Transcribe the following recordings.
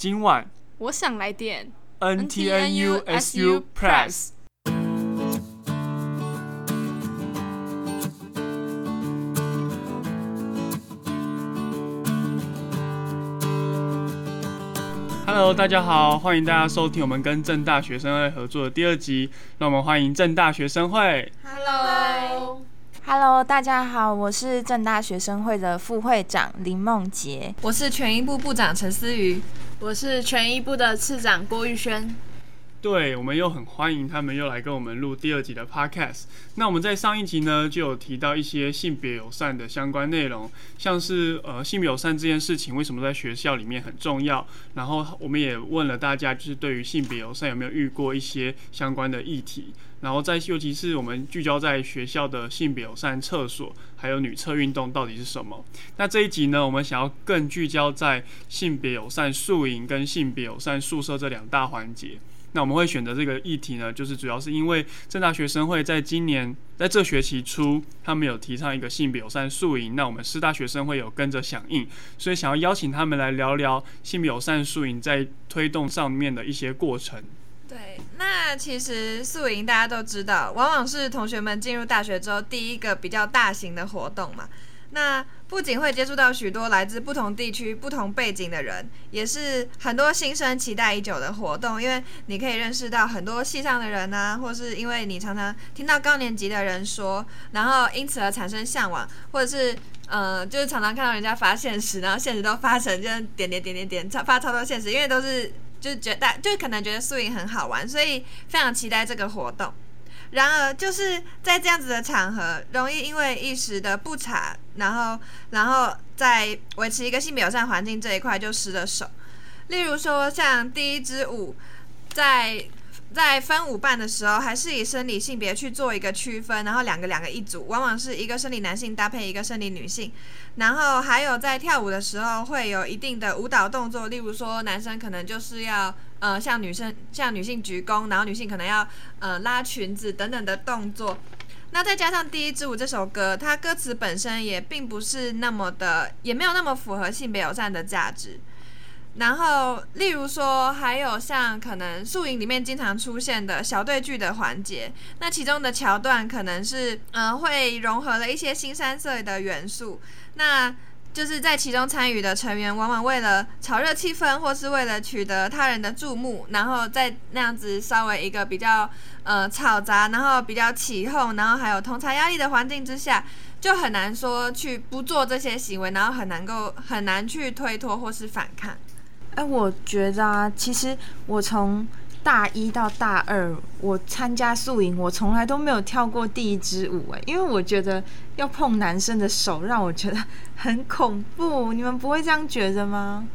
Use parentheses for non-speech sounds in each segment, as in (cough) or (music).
今晚我想來點 NTNUSU Press。N T N U S U Press。Hello，大家好，歡迎大家收聽我們跟政大學生會合作的第二集。讓我們歡迎政大學生會。Hello，Hello，Hello，大家好，我是政大學生會的副會長林夢杰，我是權益部部長陳思瑜。我是權益部的次長郭玉軒，對，我們又很歡迎他們又來跟我們錄第二集的 podcast。那我們在上一集呢，就有提到一些性別友善的相關內容，像是，呃，性別友善這件事情為什麼在學校裡面很重要，然後我們也問了大家，就是對於性別友善有沒有遇過一些相關的議題。然後在尤其是我們聚焦在學校的性別友善廁所，還有女廁運動到底是什麼？那這一集呢，我們想要更聚焦在性別友善宿營跟性別友善宿舍這兩大環節。那我們會選擇這個議題呢，就是主要是因為政大學生會在今年在這學期初，他們有提倡一個性別友善宿營，那我們師大學生會有跟着響應，所以想要邀請他們來聊聊性別友善宿營在推動上面的一些過程。對，那其實宿營大家都知道，往往是同學們進入大學之後第一個比較大型的活動嘛。那不僅會接觸到許多來自不同地區、不同背景的人，也是很多新生期待已久的活動，因為你可以認識到很多系上的人啊，或是因為你常常聽到高年級的人說，然後因此而產生向往，或者是呃，就是常常看到人家發現實，然後現實都發成就是點點點點點超發超多現實，因為都是。就是覺得大，就可能覺得宿營很好玩，所以非常期待這個活動。然而，就是在這樣子的場合，容易因為一時的不察，然後，然後在維持一個性別友善環境這一塊就失了手。例如說，像第一支舞，在，在分舞伴的時候，還是以生理性別去做一個區分，然後兩個兩個一組，往往是一個生理男性搭配一個生理女性。然後還有在跳舞的時候，會有一定的舞蹈動作，例如說男生可能就是要呃向女生向女性鞠躬，然後女性可能要呃拉裙子等等的動作。那再加上《第一支舞》這首歌，它歌詞本身也並不是那麼的，也沒有那麼符合性別友善的價值。然後，例如說，還有像可能宿營裡面經常出現的小對句的環節，那其中的橋段可能是，嗯、呃，會融合了一些腥羶色的元素。那就是在其中參與的成員，往往為了炒熱氣氛，或是為了取得他人的注目，然後在那樣子稍微一個比較，呃，吵雜，然後比較起哄，然後還有同儕壓力的環境之下，就很難說去不做這些行為，然後很難夠很難去推脫或是反抗。哎，我覺得啊，其實我從大一到大二，我參加素營，我從來都沒有跳過第一支舞，欸。哎，因為我覺得要碰男生的手，讓我覺得很恐怖。你們不會這樣覺得嗎？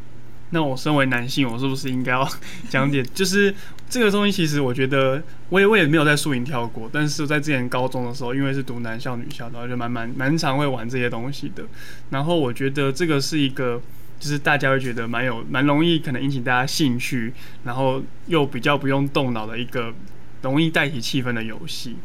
那我身為男性，我是不是應該要講點？ (laughs) 就是這個東西，其實我覺得我也我也沒有在素營跳過，但是在之前高中的時候，因為是讀男校女校的，然後就蠻蠻蠻常會玩這些東西的。然後我覺得這個是一個。就是大家會覺得蠻有、蠻容易，可能引起大家興趣，然後又比較不用動腦的一個容易帶起氣氛的遊戲，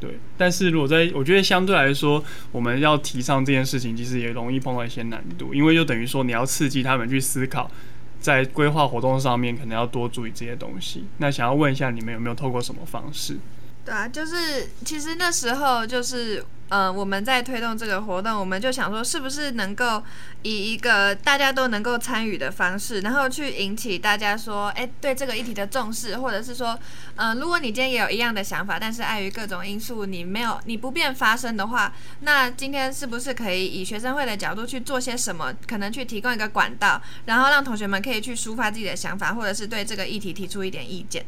對。但是如果在，我覺得相對來說，我們要提倡這件事情，其實也容易碰到一些難度，因為就等於說你要刺激他們去思考，在規劃活動上面可能要多注意這些東西。那想要問一下，你們有沒有透過什麼方式？對啊，就是其實那時候就是。嗯、呃，我們在推動這個活動，我們就想說，是不是能夠以一個大家都能夠參與的方式，然後去引起大家說，哎，對這個議題的重視，或者是說，嗯、呃，如果你今天也有一樣的想法，但是礙於各種因素，你沒有，你不便發聲的話，那今天是不是可以以學生會的角度去做些什麼，可能去提供一個管道，然後讓同學們可以去抒發自己的想法，或者是對這個議題提出一點意見。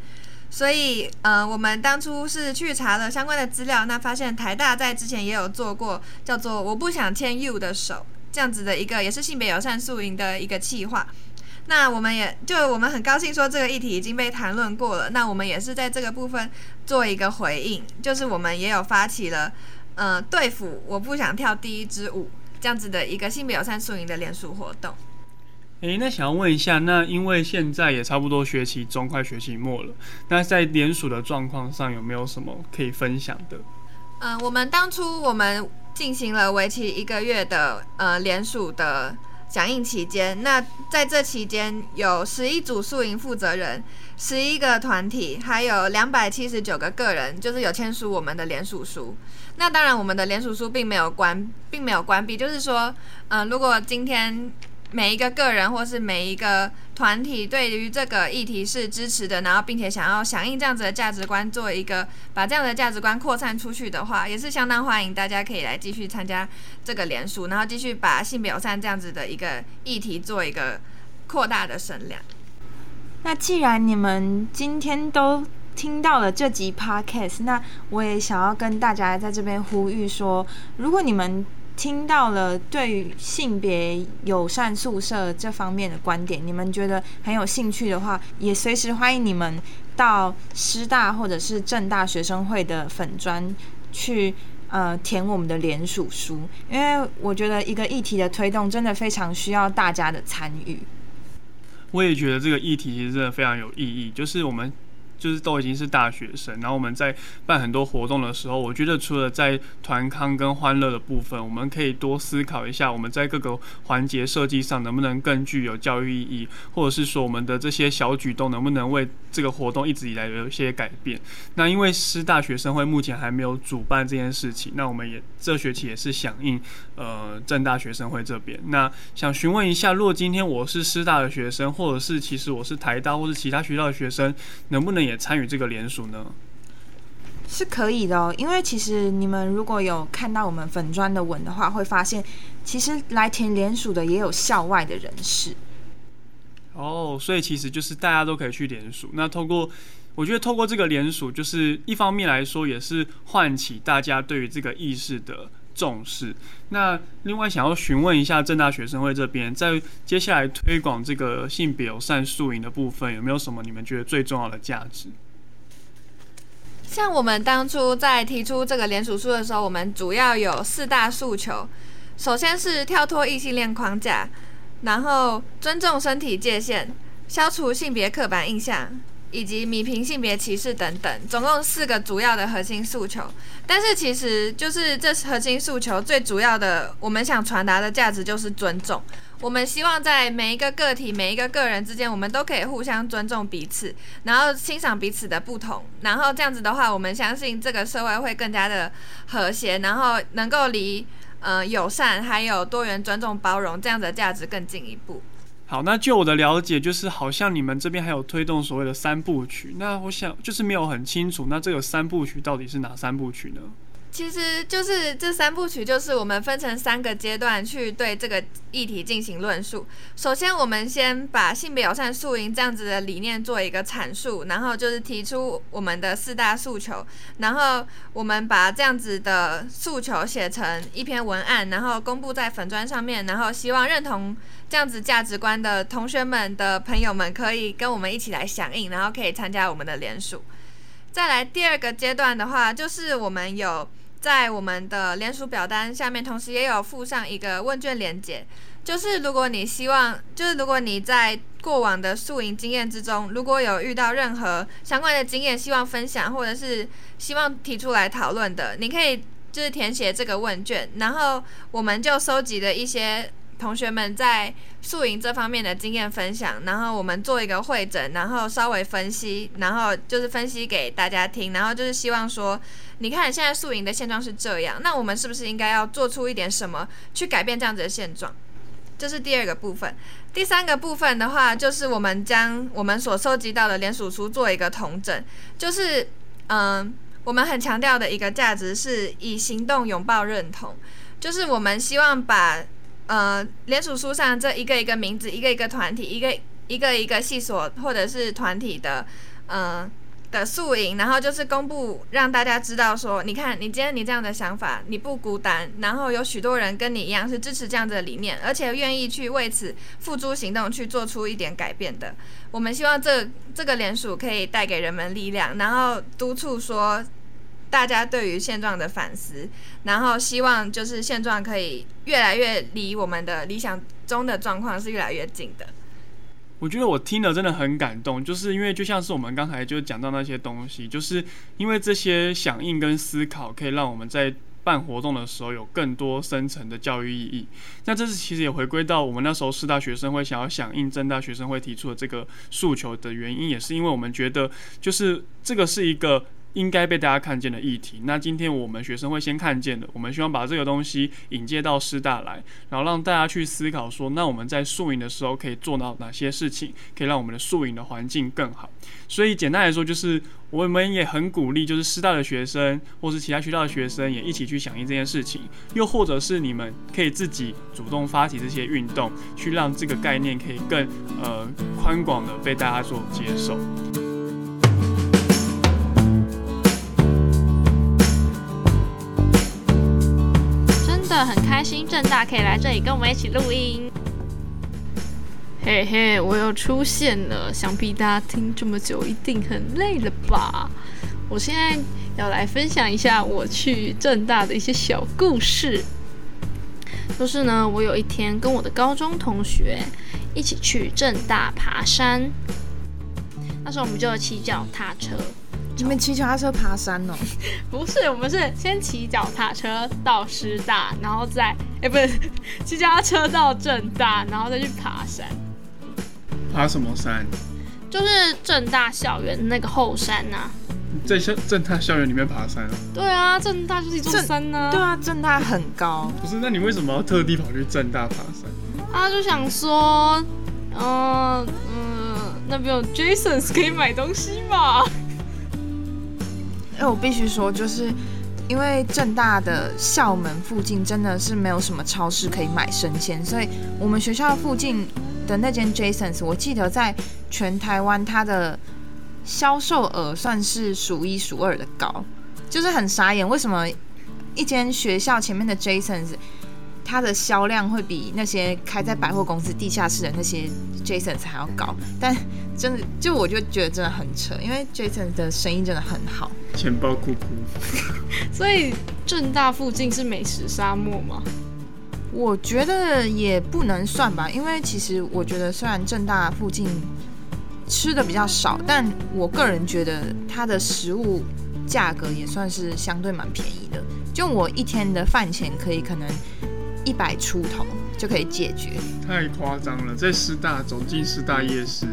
所以，嗯、呃，我們當初是去查了相關的資料，那發現台大在之前也有做過叫做“我不想牽 you 的手”這樣子的一個，也是性別友善宿營的一個企劃。那我們也就我們很高興說，這個議題已經被談論過了。那我們也是在這個部分做一個回應，就是我們也有發起了，嗯、呃，對付“我不想跳第一支舞”這樣子的一個性別友善宿營的聯署活動。誒、欸，那想要問一下，那因為現在也差不多學期中快學期末了，那在聯署的狀況上有沒有什麼可以分享的？嗯、呃，我們當初我們進行了為期一個月的呃聯署的響應期間，那在這期間有十一組宿營負責人、十一個團體，還有兩百七十九個個人，就是有簽署我們的聯署書。那當然，我們的聯署書並沒有關，並沒有關閉，就是說，嗯、呃，如果今天。每一個個人或是每一個團體對於這個議題是支持的，然後並且想要響應這樣子的價值觀，做一個把這樣的價值觀擴散出去的話，也是相當歡迎。大家可以來繼續參加這個聯署，然後繼續把性表善這樣子的一個議題做一個擴大的聲量。那既然你們今天都聽到了這集 Podcast，那我也想要跟大家在這邊呼籲說，如果你們。聽到了對於性別友善宿舍這方面的觀點，你們覺得很有興趣的話，也隨時歡迎你們到師大或者是政大學生會的粉專去呃填我們的聯署書，因為我覺得一個議題的推動真的非常需要大家的參與。我也覺得這個議題其實真的非常有意義，就是我們。就是都已經是大學生，然後我們在辦很多活動的時候，我覺得除了在團康跟歡樂的部分，我們可以多思考一下，我們在各個環節設計上能不能更具有教育意義，或者是說我們的這些小舉動能不能為這個活動一直以來有一些改變。那因為師大學生會目前還沒有主辦這件事情，那我們也這學期也是響應呃政大學生會這邊，那想詢問一下，如果今天我是師大的學生，或者是其實我是台大或是其他學校的學生，能不能也？也參與這個聯署呢？是可以的哦，因為其實你們如果有看到我們粉專的文的話，會發現其實來填聯署的也有校外的人士。哦，所以其實就是大家都可以去聯署。那透過，我覺得透過這個聯署，就是一方面來說，也是喚起大家對於這個意識的。重視。那另外想要詢問一下政大學生會這邊，在接下來推廣這個性別友善宿營的部分，有沒有什麼你們覺得最重要的價值？像我們當初在提出這個聯署書的時候，我們主要有四大訴求：首先是跳脫異性戀框架，然後尊重身體界限，消除性別刻板印象。以及弭平性別歧視等等，總共四個主要的核心訴求。但是其實就是這核心訴求最主要的，我們想傳達的價值就是尊重。我們希望在每一個個體、每一個個人之間，我們都可以互相尊重彼此，然後欣賞彼此的不同。然後這樣子的話，我們相信這個社會會更加的和諧，然後能夠離呃友善還有多元、尊重、包容這樣的價值更進一步。好，那據我的了解，就是好像你們這邊還有推動所謂的三部曲。那我想就是沒有很清楚，那這個三部曲到底是哪三部曲呢？其實就是這三部曲，就是我們分成三個階段去對這個議題進行論述。首先，我們先把性別友善宿營這樣子的理念做一個闡述，然後就是提出我們的四大訴求，然後我們把這樣子的訴求寫成一篇文案，然後公布在粉專上面，然後希望認同。這樣子價值觀的同學們的朋友們可以跟我們一起來響應，然後可以參加我們的聯署。再來第二個階段的話，就是我們有在我們的聯署表單下面，同時也有附上一個問卷連結。就是如果你希望，就是如果你在過往的宿營經驗之中，如果有遇到任何相關的經驗，希望分享或者是希望提出來討論的，你可以就是填寫這個問卷，然後我們就收集了一些同學們在宿營這方面的經驗分享，然後我們做一個彙整，然後稍微分析，然後就是分析給大家聽，然後就是希望說，你看你現在宿營的現狀是這樣，那我們是不是應該要做出一點什麼去改變這樣子的現狀？這、就是第二個部分。第三個部分的話，就是我們將我們所收集到的聯署書做一個統整，就是嗯，我們很強調的一個價值是以行動擁抱認同，就是我們希望把。呃，聯署書上這一個一個名字，一個一個團體一個，一個一個一個系所或者是團體的，呃的宿營。然後就是公布讓大家知道說，你看你今天你這樣的想法，你不孤單，然後有許多人跟你一樣是支持這樣子的理念，而且願意去為此付諸行動，去做出一點改變的。我們希望這這個聯署可以帶給人們力量，然後督促說。大家對於現狀的反思，然後希望就是現狀可以越來越離我們的理想中的狀況是越來越近的。我覺得我聽了真的很感動，就是因為就像是我們剛才就講到那些東西，就是因為這些響應跟思考，可以讓我們在辦活動的時候有更多深層的教育意義。那這是其實也回歸到我們那時候師大學生會想要響應政大學生會提出的這個訴求的原因，也是因為我們覺得就是這個是一個。應該被大家看見的議題。那今天我們學生會先看見的，我們希望把這個東西引介到師大來，然後讓大家去思考說，那我們在宿營的時候可以做到哪些事情，可以讓我們的宿營的環境更好。所以簡單來說，就是我們也很鼓勵，就是師大的學生或是其他學校的學生也一起去響應這件事情，又或者是你們可以自己主動發起這些運動，去讓這個概念可以更呃寬廣地被大家所接受。很開心政大可以來這裡跟我們一起錄音，嘿嘿，我又出現了，想必大家聽這麼久一定很累了吧？我現在要來分享一下我去政大的一些小故事，就是呢，我有一天跟我的高中同學一起去政大爬山，那時候我們就要騎腳踏車。你們騎腳踏車爬山哦、喔， (laughs) 不是，我們是先騎腳踏車到師大，然後再，哎、欸，不是，騎腳踏車到政大，然後再去爬山。爬什麼山？就是政大校園那個後山吶、啊。在校政大校園裡面爬山、啊？對啊，政大就是一座山呢、啊。對啊，政大很高。不是，那你為什麼要特地跑去政大爬山？啊，就想說，嗯、呃、嗯，那邊有 Jasons 可以買東西嘛。那我必須說，就是因為政大的校門附近真的是沒有什麼超市可以買生鮮，所以我們學校附近的那間 Jasons，我記得在全台灣它的銷售額算是數一數二的高，就是很傻眼，為什麼一間學校前面的 Jasons，它的銷量會比那些開在百貨公司地下室的那些 Jasons 還要高？但真的，就我就覺得真的很扯，因為 Jason 的生意真的很好，錢包哭哭。 (laughs) 所以政大附近是美食沙漠嗎？我覺得也不能算吧，因為其實我覺得雖然政大附近吃的比較少，但我個人覺得它的食物價格也算是相對蠻便宜的。就我一天的飯錢可以可能一百出頭就可以解決。太誇張了，在師大走進師大夜市。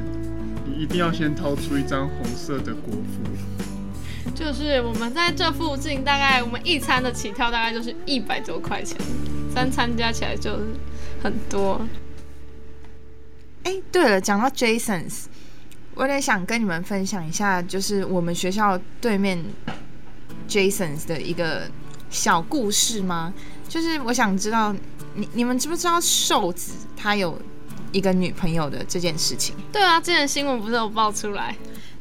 一定要先掏出一張紅色的國父。就是我們在這附近，大概我們一餐的起跳大概就是一百多塊錢，三餐加起來就是很多。哎、嗯欸，對了，講到 Jasons，我有點想跟你們分享一下，就是我們學校對面 Jasons 的一個小故事嗎？就是我想知道，你你們知不知道瘦子他有？一個女朋友的這件事情，對啊，之前新聞不是有爆出來，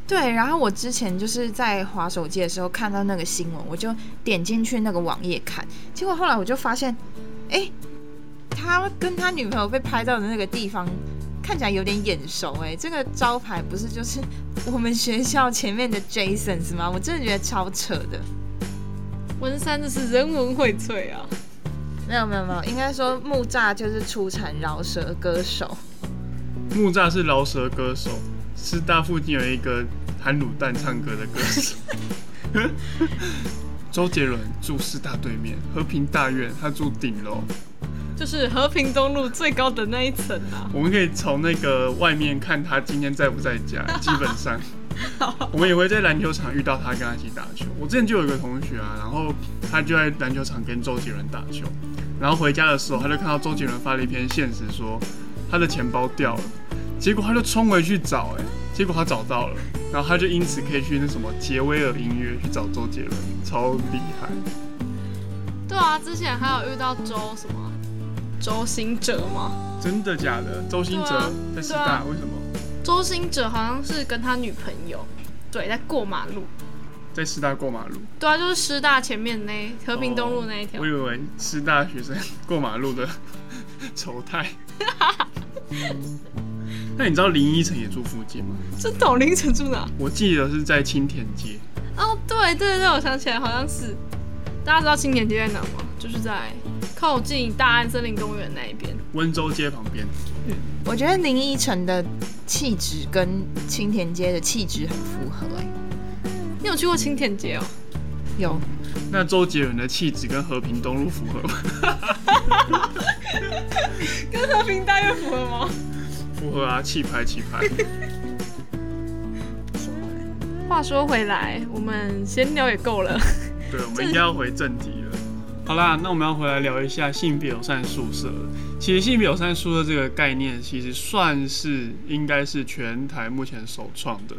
對，然後我之前就是在滑手機的時候看到那個新聞，我就點進去那個網頁看，結果後來我就發現，哎，他跟他女朋友被拍到的那個地方看起來有點眼熟，哎，這個招牌不是就是我們學校前面的 Jason 嗎？我真的覺得超扯的，文山這是人文薈萃啊。沒有沒有沒有，應該說木柵就是出產饒舌歌手。木柵是饒舌歌手，師大附近有一個喊滷蛋唱歌的歌手。 (laughs) (laughs) 周杰倫住師大對面和平大苑，他住頂樓，就是和平東路最高的那一層啊。我們可以從那個外面看他今天在不在家，基本上。 (laughs) 好好，我們也會在籃球場遇到他，跟他一起打球。我之前就有一個同學啊，然後。他就在籃球場跟周杰倫打球，然後回家的時候，他就看到周杰倫發了一篇現實，說他的錢包掉了，結果他就衝回去找。欸，哎，結果他找到了，然後他就因此可以去那什麼傑威爾音樂去找周杰倫，超厲害。對啊，之前還有遇到周什麼周星哲嗎？真的假的？周星哲在師、啊、大、啊、為什麼？周星哲好像是跟他女朋友對在過馬路。在師大過馬路，對啊，就是師大前面那和平東路那一條、哦。我以為師大學生過馬路的醜態、 (laughs) 嗯。那你知道林依晨也住附近嗎？知道林依晨住哪？我記得是在青田街。哦，對對對，我想起來，好像是。大家知道青田街在哪嗎？就是在靠近大安森林公園那一邊，溫州街旁邊。嗯，我覺得林依晨的氣質跟青田街的氣質很符合哎、欸。你有去過青田街哦、喔，有。那周杰倫的氣質跟和平東路符合嗎？ (laughs) 跟和平大約符合嗎？符合啊，氣派氣派。氣派 (laughs) 話說回來，我們閒聊也夠了。對，我們應該要回正題了。 (laughs) 好啦，那我們要回來聊一下性別友善宿舍。其實性別友善宿舍這個概念，其實算是應該是全台目前首創的。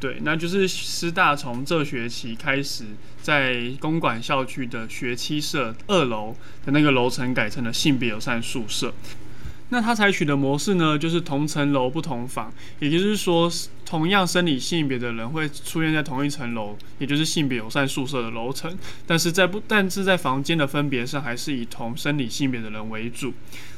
對，那就是師大從這學期開始，在公館校區的學七舍二樓的那個樓層改成了性別友善宿舍。那他採取的模式呢，就是同層樓不同房，也就是說，同樣生理性別的人會出現在同一層樓，也就是性別友善宿舍的樓層，但是在不但是在房間的分別上，還是以同生理性別的人為主。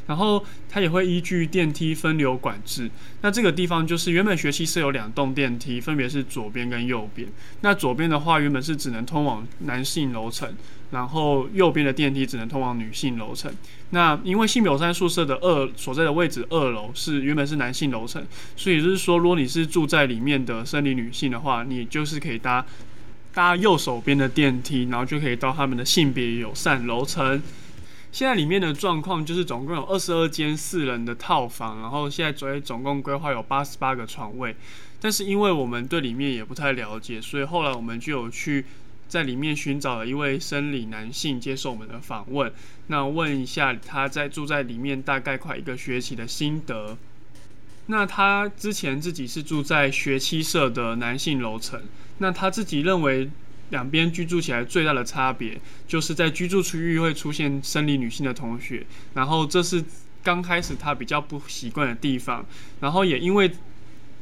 然後他也會依據電梯分流管制。那這個地方就是原本學七設有兩棟電梯，分別是左邊跟右邊。那左邊的話，原本是只能通往男性樓層。然後右邊的電梯只能通往女性樓層。那因為性別友善宿舍的二所在的位置二樓是原本是男性樓層，所以就是說，如果你是住在裡面的生理女性的話，你就是可以搭搭右手邊的電梯，然後就可以到他們的性別友善樓層。現在裡面的狀況就是總共有二十二間四人的套房，然後現在總總共規劃有八十八個床位。但是因為我們對裡面也不太了解，所以後來我們就有去。在裡面尋找了一位生理男性接受我們的訪問，那問一下他在住在裡面大概快一個學期的心得。那他之前自己是住在學七舍的男性樓層，那他自己認為兩邊居住起來最大的差別就是在居住區域會出現生理女性的同學，然後這是剛開始他比較不習慣的地方，然後也因為。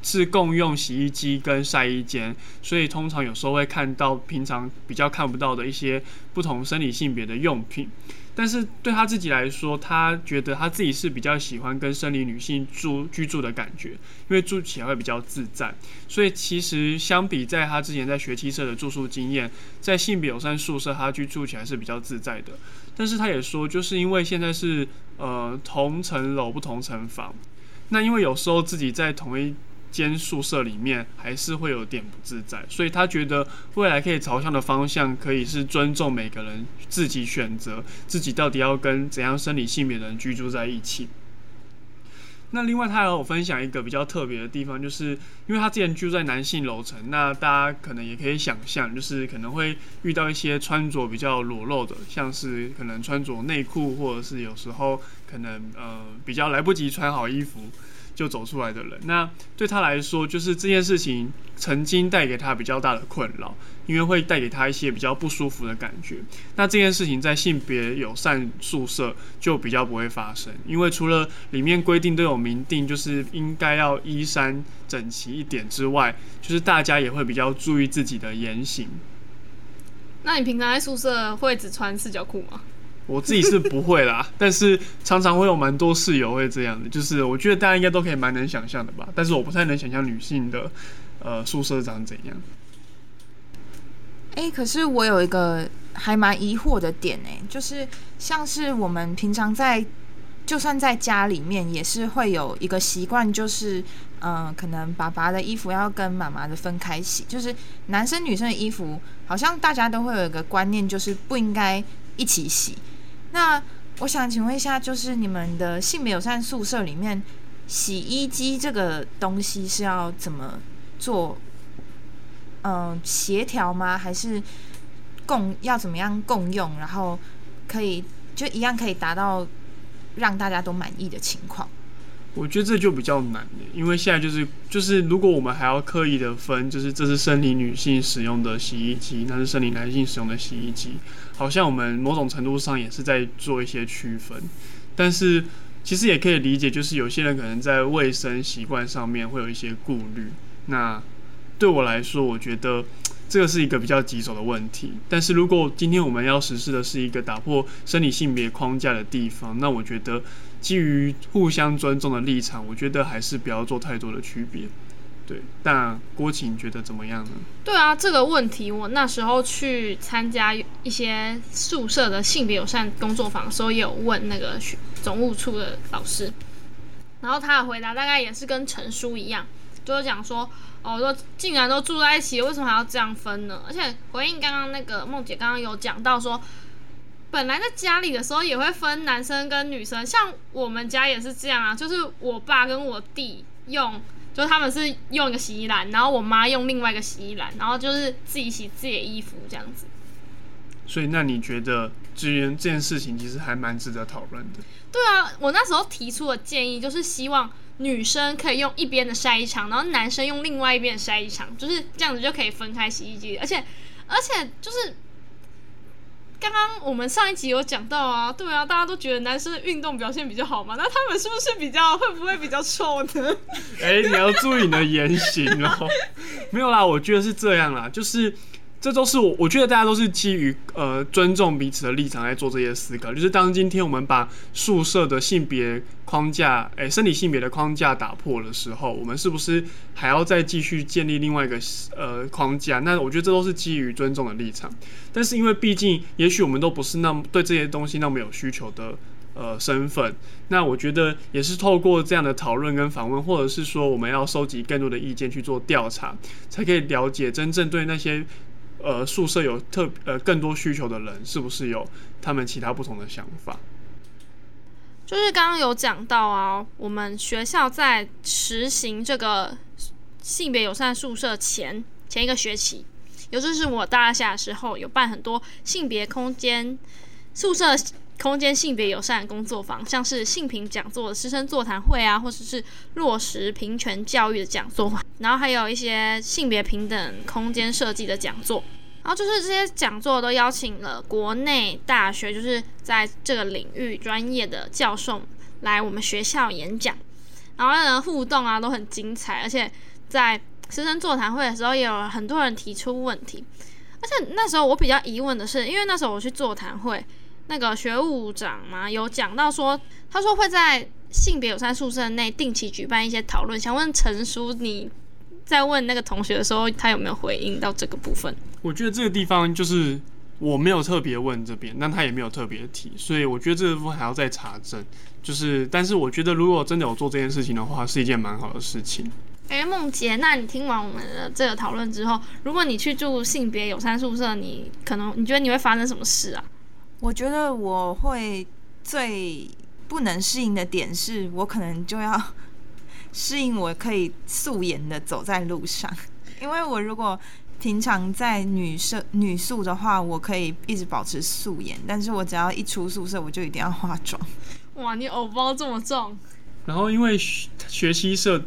是共用洗衣機跟曬衣間，所以通常有時候會看到平常比較看不到的一些不同生理性別的用品。但是對他自己來說，他覺得他自己是比較喜歡跟生理女性住居住的感覺，因為住起來會比較自在。所以其實相比在他之前在學七舍的住宿經驗，在性別友善宿舍，他居住起來是比較自在的。但是他也說，就是因為現在是呃同層樓不同層房，那因為有時候自己在同一。間宿舍裡面還是會有點不自在，所以他覺得未來可以朝向的方向可以是尊重每個人自己選擇自己到底要跟怎樣生理性別的人居住在一起。那另外他和我分享一個比較特別的地方，就是因為他之前住在男性樓層，那大家可能也可以想象，就是可能會遇到一些穿着比較裸露的，像是可能穿着內褲，或者是有時候可能呃比較來不及穿好衣服，就走出來的人，那對他來說，就是這件事情曾經帶給他比較大的困擾，因為會帶給他一些比較不舒服的感覺。那這件事情在性別友善宿舍就比較不會發生，因為除了裡面規定都有明定，就是應該要衣衫整齊一點之外，就是大家也會比較注意自己的言行。那你平常在宿舍會只穿四角褲嗎？ (laughs) 我自己是不會啦，但是常常會有蠻多室友會這樣的，就是我覺得大家應該都可以蠻能想象的吧，但是我不太能想象女性的，呃，宿舍長怎樣。哎、欸，可是我有一個還蠻疑惑的點哎、欸，就是像是我們平常在，就算在家裡面也是會有一個習慣，就是嗯、呃，可能爸爸的衣服要跟媽媽的分開洗，就是男生女生的衣服好像大家都會有一個觀念，就是不應該一起洗。那我想請問一下，就是你們的性別友善宿舍裡面，洗衣機這個東西是要怎麼做？嗯，協調嗎？還是共要怎麼樣共用？然後可以就一樣可以達到讓大家都滿意的情況？我覺得這就比較難、欸、因為現在就是就是，就是、如果我們還要刻意的分，就是這是生理女性使用的洗衣機，那是生理男性使用的洗衣機，好像我們某種程度上也是在做一些區分。但是其實也可以理解，就是有些人可能在衛生習慣上面會有一些顧慮。那對我來說，我覺得這個是一個比較棘手的問題。但是如果今天我們要實施的是一個打破生理性別框架的地方，那我覺得。基於互相尊重的立場，我覺得還是不要做太多的區別，對。但郭琴覺得怎麼樣呢？對啊，這個問題我那時候去參加一些宿舍的性別友善工作坊的時候，也有問那個總務處的老師，然後他的回答大概也是跟陳叔一樣，就是講說，哦，說既然都住在一起，為什麼還要這樣分呢？而且回應剛剛那個夢姐剛剛有講到說。本來在家裡的時候也會分男生跟女生，像我們家也是這樣啊，就是我爸跟我弟用，就他們是用一個洗衣籃，然後我媽用另外一個洗衣籃，然後就是自己洗自己的衣服這樣子。所以，那你覺得這件這件事情其實還蠻值得討論的。對啊，我那時候提出的建議就是希望女生可以用一邊的篩衣牆，然後男生用另外一邊的篩衣牆，就是這樣子就可以分開洗衣機，而且而且就是。剛剛我們上一集有講到啊，對啊，大家都覺得男生的運動表現比較好嘛，那他們是不是比較會不會比較臭呢？哎、欸，你要注意你的言行哦。 (laughs) 沒有啦，我覺得是這樣啦，就是。這都是我，我覺得大家都是基於呃尊重彼此的立場來做這些思考。就是當今天我們把宿舍的性別框架，誒生理性別的框架打破的時候，我們是不是還要再繼續建立另外一個呃框架？那我覺得這都是基於尊重的立場。但是因為畢竟，也許我們都不是那麼對這些東西那麼有需求的呃身份。那我覺得也是透過這樣的討論跟訪問，或者是說我們要收集更多的意見去做調查，才可以了解真正對那些。呃，宿舍有特呃更多需求的人，是不是有他們其他不同的想法？就是剛剛有講到啊，我們學校在實行這個性別友善宿舍前前一個學期，也就是我大二下的時候，有辦很多性別空間宿舍。空間性別友善的工作坊，像是性平講座、師生座談會啊，或者是，是落實平權教育的講座，然後還有一些性別平等空間設計的講座。然後就是這些講座都邀請了國內大學，就是在這個領域專業的教授來我們學校演講，然後呢，互動啊都很精彩，而且在師生座談會的時候也有很多人提出問題。而且那時候我比較疑問的是，因為那時候我去座談會。那個學務長嗎？有講到說，他說會在性別友善宿舍內定期舉辦一些討論。想問陳叔，你在問那個同學的時候，他有沒有回應到這個部分？我覺得這個地方就是我沒有特別問這邊，但他也沒有特別提，所以我覺得這個部分還要再查證。就是，但是我覺得如果真的有做這件事情的話，是一件蠻好的事情。誒、欸，夢姐，那你聽完我們的這個討論之後，如果你去住性別友善宿舍，你可能你覺得你會發生什麼事啊？我覺得我會最不能適應的點是，我可能就要適應我可以素顏的走在路上。因為我如果平常在女生女宿的話，我可以一直保持素顏，但是我只要一出宿舍，我就一定要化妝。哇，你偶包這麼重。然後因為學七舍。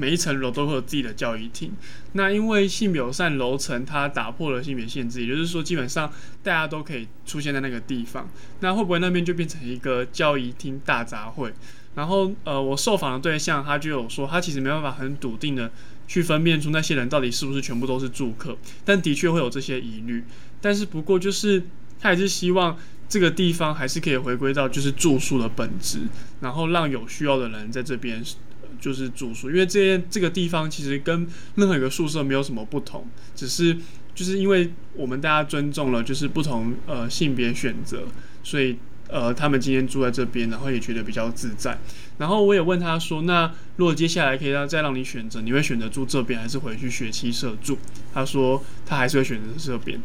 每一層樓都會有自己的交誼廳。那因為性別友善樓層，它打破了性別限制，也就是說，基本上大家都可以出現在那個地方。那會不會那邊就變成一個交誼廳大雜燴？然後，呃，我受訪的對象他就有說，他其實沒辦法很篤定的去分辨出那些人到底是不是全部都是住客，但的確會有這些疑慮。但是不過就是他還是希望這個地方還是可以回歸到就是住宿的本質，然後讓有需要的人在這邊。就是住宿。因為這些這個地方其實跟任何一個宿舍沒有什麼不同，只是就是因為我們大家尊重了，就是不同呃性別選擇，所以呃他們今天住在這邊，然後也覺得比較自在。然後我也問他說，那如果接下來可以讓再讓你選擇，你會選擇住這邊還是回去學七舍住？他說他還是會選擇這邊。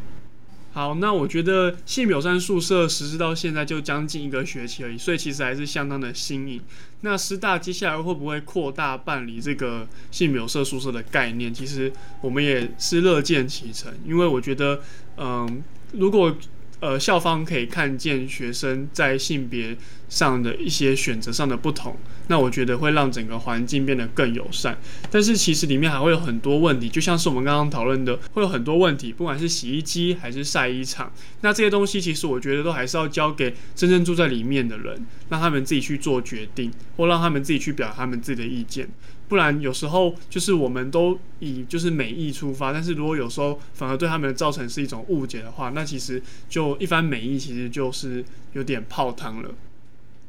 好，那我覺得性別友善宿舍實施到現在就將近一個學期而已，所以其實還是相當的新穎。那師大接下來會不會擴大辦理這個性別友善宿舍的概念？其實我們也是樂見其成，因為我覺得，嗯，如果。呃，校方可以看見學生在性別上的一些選擇上的不同，那我覺得會讓整個環境變得更友善。但是其實裡面還會有很多問題，就像是我們剛剛討論的，會有很多問題，不管是洗衣機還是曬衣場，那這些東西其實我覺得都還是要交給真正住在裡面的人，讓他們自己去做決定，或讓他們自己去表達他們自己的意見。不然有時候就是我們都以就是美意出發，但是如果有時候反而對他們的造成是一種誤解的話，那其實就一番美意其實就是有點泡湯了。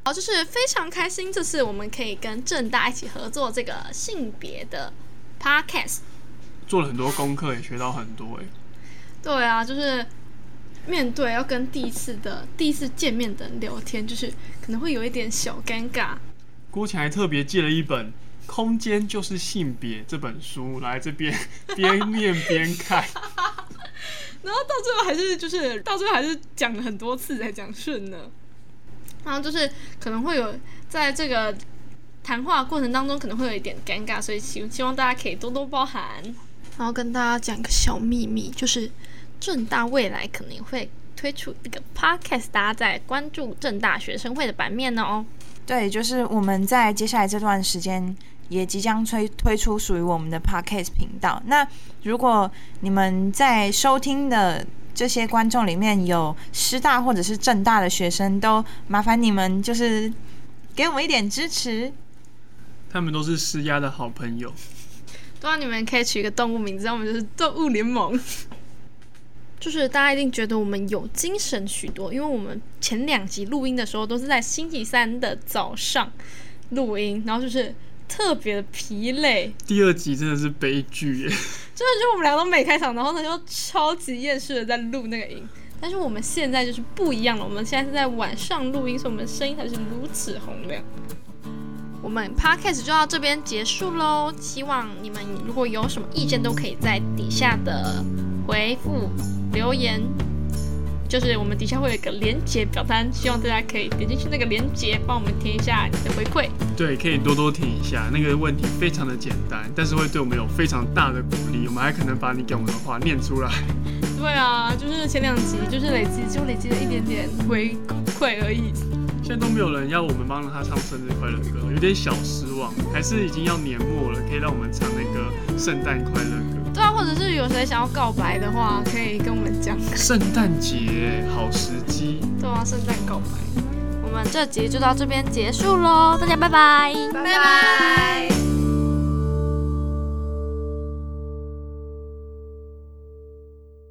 好，就是非常開心這次我們可以跟政大一起合作這個性別的 podcast，做了很多功課，也學到很多欸。對啊，就是面對要跟第一次的第一次見面的人聊天，就是可能會有一點小尷尬。姑且還特別借了一本。《空間就是性別》這本書來這邊邊念邊看， (laughs) 然後到最後還是就是到最後還是講了很多次才講順呢。然後就是可能會有在這個談話過程當中可能會有一點尷尬，所以希希望大家可以多多包涵。然後跟大家講個小秘密，就是政大未來可能會推出一個 podcast，大家在關注政大學生會的版面呢哦。對，就是我們在接下來這段時間。也即將推推出屬於我們的 Podcast 頻道。那如果你們在收聽的這些觀眾裡面有師大或者是政大的學生，都麻煩你們就是給我們一點支持。他們都是施壓的好朋友。對啊，你們可以取一個動物名字，我們就是動物聯盟。就是大家一定覺得我們有精神許多，因為我們前兩集錄音的時候都是在星期三的早上錄音，然後就是。特別的疲累。第二集真的是悲劇耶！真的就我們倆都沒開場，然後他就超級厭世的在錄那個音。但是我們現在就是不一樣了，我們現在是在晚上錄音，所以我們的聲音才是如此洪亮。我們 podcast 就到這邊結束嘍，希望你們如果有什麼意見，都可以在底下的回復留言。就是我們底下會有一個鏈接表單，希望大家可以點進去那個鏈接，幫我們填一下你的回饋。對，可以多多填一下，那個問題非常的簡單，但是會對我們有非常大的鼓勵。我們還可能把你給我們的話念出來。對啊，就是前兩集就是累積，就是、累積了一點點回饋而已。現在都沒有人要我們幫他唱生日快樂歌，有點小失望。還是已經要年末了，可以讓我們唱那個聖誕快樂歌。對啊，或者是有誰想要告白的話，可以跟我們講。聖誕節好時機。對啊，聖誕告白。我們這集就到這邊結束嘍，大家拜拜，拜拜。Bye bye